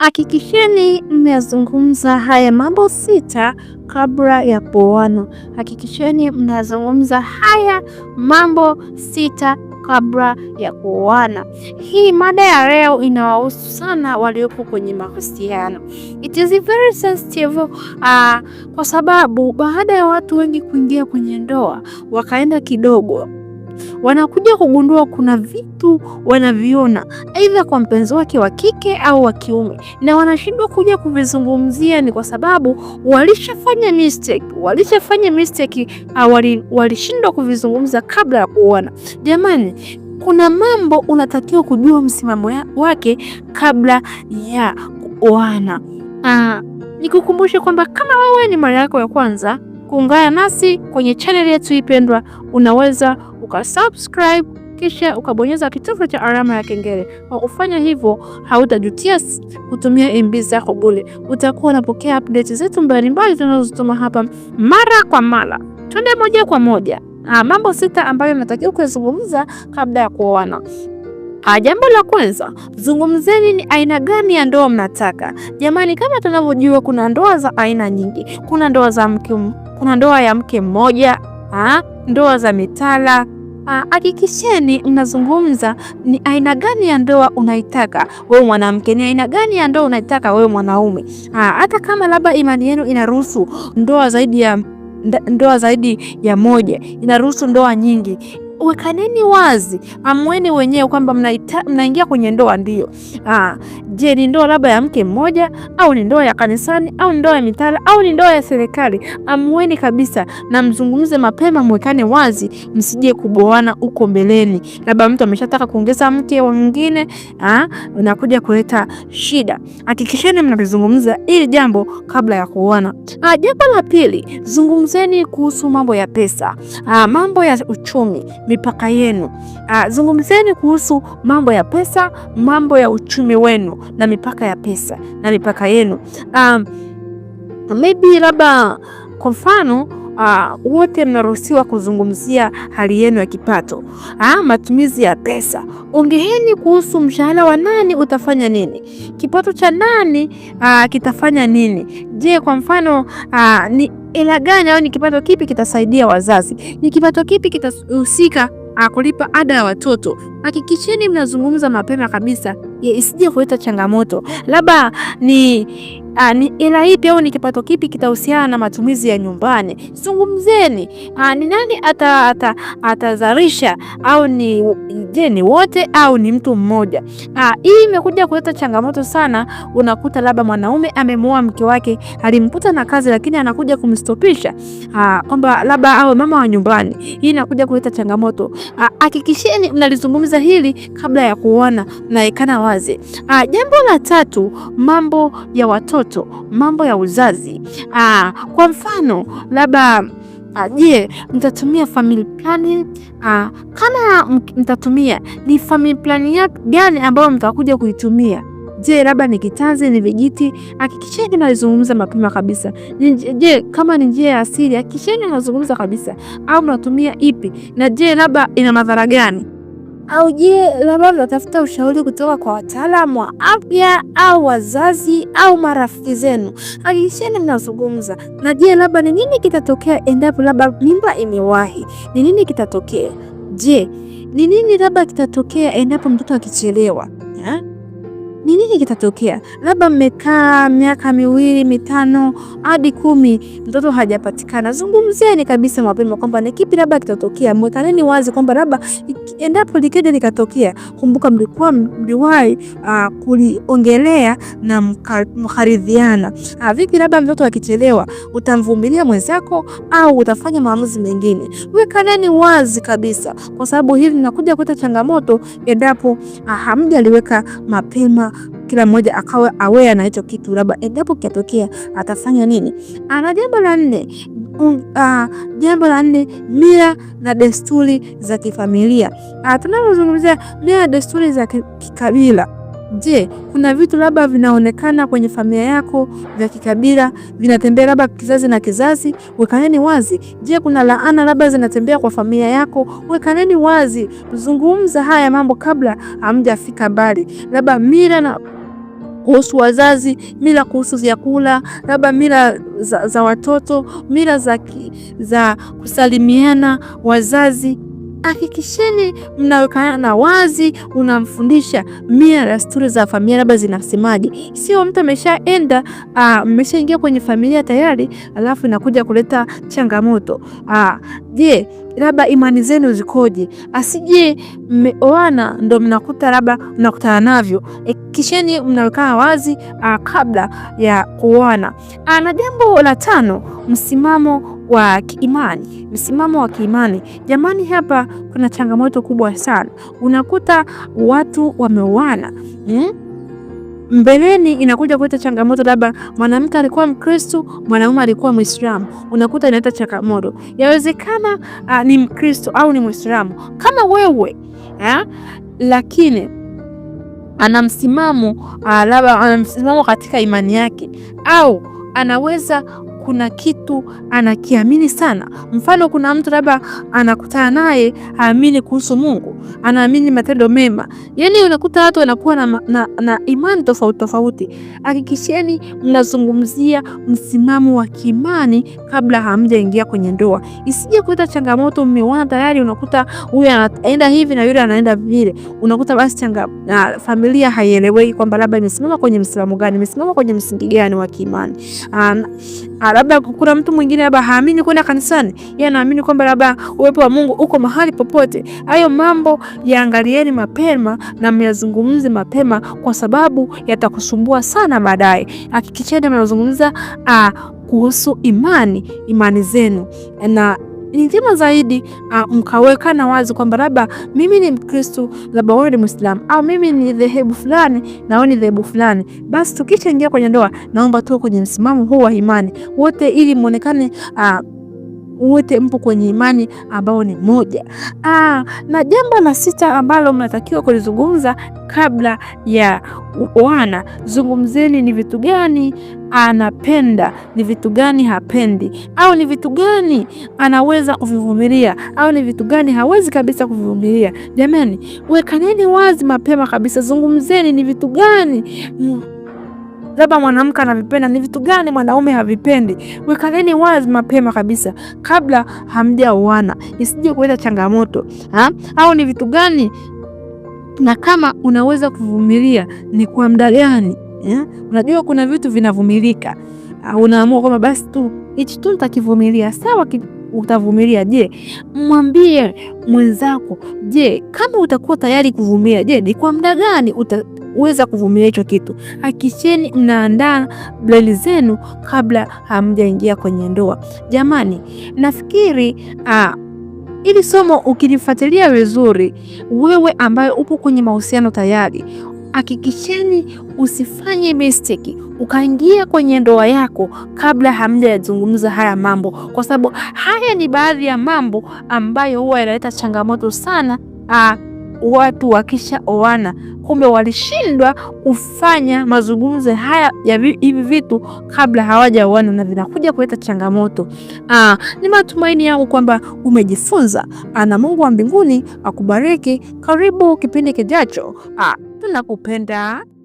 Hakikisheni mnazungumza haya mambo sita kabla ya kuoana. Hakikisheni mnazungumza haya mambo sita kabla ya kuoana. Hii mada ya leo inawahusu sana waliopo kwenye mahusiano. It is very sensitive uh, kwa sababu baada ya watu wengi kuingia kwenye ndoa wakaenda kidogo wanakuja kugundua kuna vitu wanaviona aidha kwa mpenzi wake wa kike au wa kiume, na wanashindwa kuja kuvizungumzia. Ni kwa sababu walishafanya mistake, walishafanya mistake, walishindwa kuvizungumza kabla ya kuona. Jamani, kuna mambo unatakiwa kujua msimamo wake kabla ya kuoana. Ah, nikukumbushe kwamba kama wewe ni mara yako ya kwanza kuungana nasi kwenye chaneli yetu ipendwa, unaweza ukasubscribe kisha ukabonyeza kitufe cha alama ya kengele. Kwa kufanya hivyo, hautajutia kutumia MB zako bure. Utakuwa unapokea update zetu mbalimbali tunazozituma hapa mara kwa mara. Twende moja kwa moja, ha, ah, mambo sita ambayo natakiwa kuyazungumza kabla ya kuoana. Ah, jambo la kwanza, zungumzeni ni aina gani ya ndoa mnataka. Jamani, kama tunavyojua kuna ndoa za aina nyingi, kuna ndoa za mke, kuna ndoa ya mke mmoja ah, ndoa za mitala. Ah, hakikisheni mnazungumza ni aina gani ya ndoa unaitaka wewe mwanamke, ni aina gani ya ndoa unaitaka wewe mwanaume. Ah, hata kama labda imani yenu inaruhusu ndoa zaidi ya ndoa zaidi ya moja, inaruhusu ndoa nyingi Wekaneni wazi, amweni wenyewe kwamba mnaingia kwenye ndoa. Ndio ah, je, ni ndoa labda ya mke mmoja au ni ndoa ya kanisani au ni ndoa ya mitala au ni ndoa ya serikali? Amueni kabisa na mzungumze mapema, mwekane wazi, msije kuboana huko mbeleni. Labda mtu ameshataka kuongeza mke mwingine, unakuja ah, kuleta shida. Hakikisheni mnalizungumza ili jambo kabla ya kuoana. Ah, jambo la pili, zungumzeni kuhusu mambo ya pesa, mambo ya uchumi mipaka yenu. Uh, ah, zungumzeni kuhusu mambo ya pesa, mambo ya uchumi wenu na mipaka ya pesa na mipaka yenu. Um, maybe labda kwa mfano uh, wote mnaruhusiwa kuzungumzia hali yenu ya kipato, ah, matumizi ya pesa. Ongeeni kuhusu mshahara wa nani utafanya nini, kipato cha nani uh, kitafanya nini. Je, kwa mfano uh, ni ela gani au ni kipato kipi kitasaidia wazazi? Ni kipato kipi kitahusika kulipa ada ya watoto. Hakikisheni mnazungumza mapema kabisa, isije kuleta changamoto. Labda ni Ah, ni ila ipi au ni kipato kipi kitahusiana na matumizi ya nyumbani? Zungumzeni, ah, ni nani ata, ata, ata au ni je, ni wote au ni mtu mmoja? Ah, hii imekuja kuleta changamoto sana. Unakuta labda mwanaume amemwoa mke wake, alimkuta na kazi, lakini anakuja kumstopisha kwamba labda awe mama wa nyumbani. Hii inakuja kuleta changamoto. Hakikisheni mnalizungumza hili kabla ya kuona naekana wazi. Jambo la tatu, mambo ya watoto watoto, mambo ya uzazi. Aa, ah, kwa mfano labda ah, je, mtatumia family planning? Aa, ah, kama mtatumia ni family planning gani ambayo mtakuja kuitumia? Je, labda ni kitanzi, ni vijiti? Hakikisheni nazungumza mapema kabisa. Je, kama ni njia ya asili, hakikisheni nazungumza kabisa, au mnatumia ipi, na je, labda ina madhara gani? au je, labda unatafuta ushauri kutoka kwa wataalamu wa afya au wazazi au marafiki zenu? Hakikisheni mnazungumza. Na je, labda ni nini kitatokea endapo labda mimba imewahi? Ni nini kitatokea? Je, ni nini labda kitatokea endapo mtoto akichelewa? ni nini kitatokea? Labda mmekaa miaka miwili mitano hadi kumi, mtoto hajapatikana. Zungumzeni kabisa mapema kwamba ni kipi labda kitatokea. Mwekaneni wazi kwamba labda endapo likija likatokea, kumbuka mlikuwa mliwahi uh, kuliongelea na mkaridhiana. Uh, vipi labda mtoto akichelewa, utamvumilia mwenzako au utafanya maamuzi mengine? Wekaneni wazi kabisa, kwa sababu hivi nakuja kuleta changamoto endapo ah, hamjaliweka mapema kila mmoja akawa aware na hicho kitu, labda endapo kiatokea atafanya nini. Ana jambo la nne, mm, ah, jambo la nne, mila na desturi za kifamilia. Ah, tunapozungumzia mila na desturi za kikabila Je, kuna vitu labda vinaonekana kwenye familia yako vya kikabila, vinatembea labda kizazi na kizazi, wekaneni wazi. Je, kuna laana labda zinatembea kwa familia yako, wekaneni wazi. Zungumza haya mambo kabla hamjafika mbali, labda mila na kuhusu wazazi, mila kuhusu vyakula, labda mila za, za watoto, mila za, za kusalimiana wazazi hakikisheni mnawekana na wazi, unamfundisha mila na desturi za familia labda zinasemaje. Sio mtu ameshaenda mmeshaingia ah, kwenye familia tayari, alafu inakuja kuleta changamoto. Ah, je, labda imani zenu zikoje? Asije mmeoana ndo mnakuta labda mnakutana navyo. Hakikisheni mnawekana wazi ah, kabla ya kuoana. Na jambo la tano, msimamo wa kiimani, msimamo wa kiimani. Jamani, hapa kuna changamoto kubwa sana. Unakuta watu wameoana hmm? Mbeleni inakuja kuleta changamoto, labda mwanamke alikuwa Mkristo, mwanaume alikuwa Mwislamu, unakuta inaleta changamoto. Yawezekana uh, ni Mkristo au ni Mwislamu kama wewe ha? lakini ana msimamo uh, labda ana msimamo katika imani yake au anaweza kuna kitu anakiamini sana. Mfano, kuna mtu labda anakutana naye haamini kuhusu Mungu, anaamini matendo mema. Yani unakuta watu wanakuwa na, na, na imani tofauti tofauti. Hakikisheni mnazungumzia msimamo wa kiimani kabla hamjaingia kwenye ndoa, isije kuleta changamoto. Mmeona tayari, unakuta huyu anaenda hivi na yule anaenda vile, unakuta basi changa na familia haieleweki kwamba labda imesimama kwenye msimamo gani, imesimama kwenye msingi gani wa kiimani um, Ah, labda kuna mtu mwingine labda haamini kwenda kanisani, yeye anaamini kwamba labda uwepo wa Mungu uko mahali popote. Hayo mambo yaangalieni mapema na myazungumze mapema, kwa sababu yatakusumbua sana baadaye. Hakikisheni mnazungumza ah, kuhusu imani imani zenu na ni njema zaidi uh, ah, mkawekana wazi kwamba labda mimi ni Mkristo, labda wewe ni Muislamu, au mimi ni dhehebu fulani na wewe ni dhehebu fulani. Basi tukishaingia kwenye ndoa, naomba tu kwenye msimamo huu wa imani wote, ili muonekane uh, ah, wote mpo kwenye imani ambao ni moja. Aa, ah, na jambo la sita ambalo mnatakiwa kulizungumza kabla ya wana, zungumzeni ni vitu gani anapenda, ni vitu gani hapendi, au ni vitu gani anaweza kuvivumilia, au ni vitu gani hawezi kabisa kuvivumilia. Jamani, wekaneni wazi mapema kabisa, zungumzeni ni vitu gani mm labda mwanamke anavipenda, ni vitu gani mwanaume havipendi. Wekaneni wazi mapema kabisa kabla hamjaoana, isije kuleta changamoto ha? au ni vitu gani, na kama unaweza kuvumilia ni kwa muda gani yeah? Unajua kuna vitu vinavumilika, unaamua kwamba basi tu hichi tu nitakivumilia, sawa utavumilia. Je, mwambie mwenzako, je, kama utakuwa tayari kuvumilia, je, ni kwa muda gani uta kuweza kuvumilia hicho kitu. Hakikisheni mnaandaa bleli zenu kabla hamjaingia kwenye ndoa. Jamani, nafikiri aa, ah, ili somo ukilifuatilia vizuri, wewe ambaye upo kwenye mahusiano tayari, hakikisheni usifanye mistake ukaingia kwenye ndoa yako kabla hamjayazungumza haya mambo, kwa sababu haya ni baadhi ya mambo ambayo huwa yanaleta changamoto sana aa, ah, watu wakishaoana, kumbe walishindwa kufanya mazungumzo haya ya hivi vitu kabla hawajaoana na vinakuja kuleta changamoto. Aa, ah, ni matumaini yangu kwamba umejifunza ana Mungu wa mbinguni akubariki. Karibu kipindi kijacho. Ah, tunakupenda.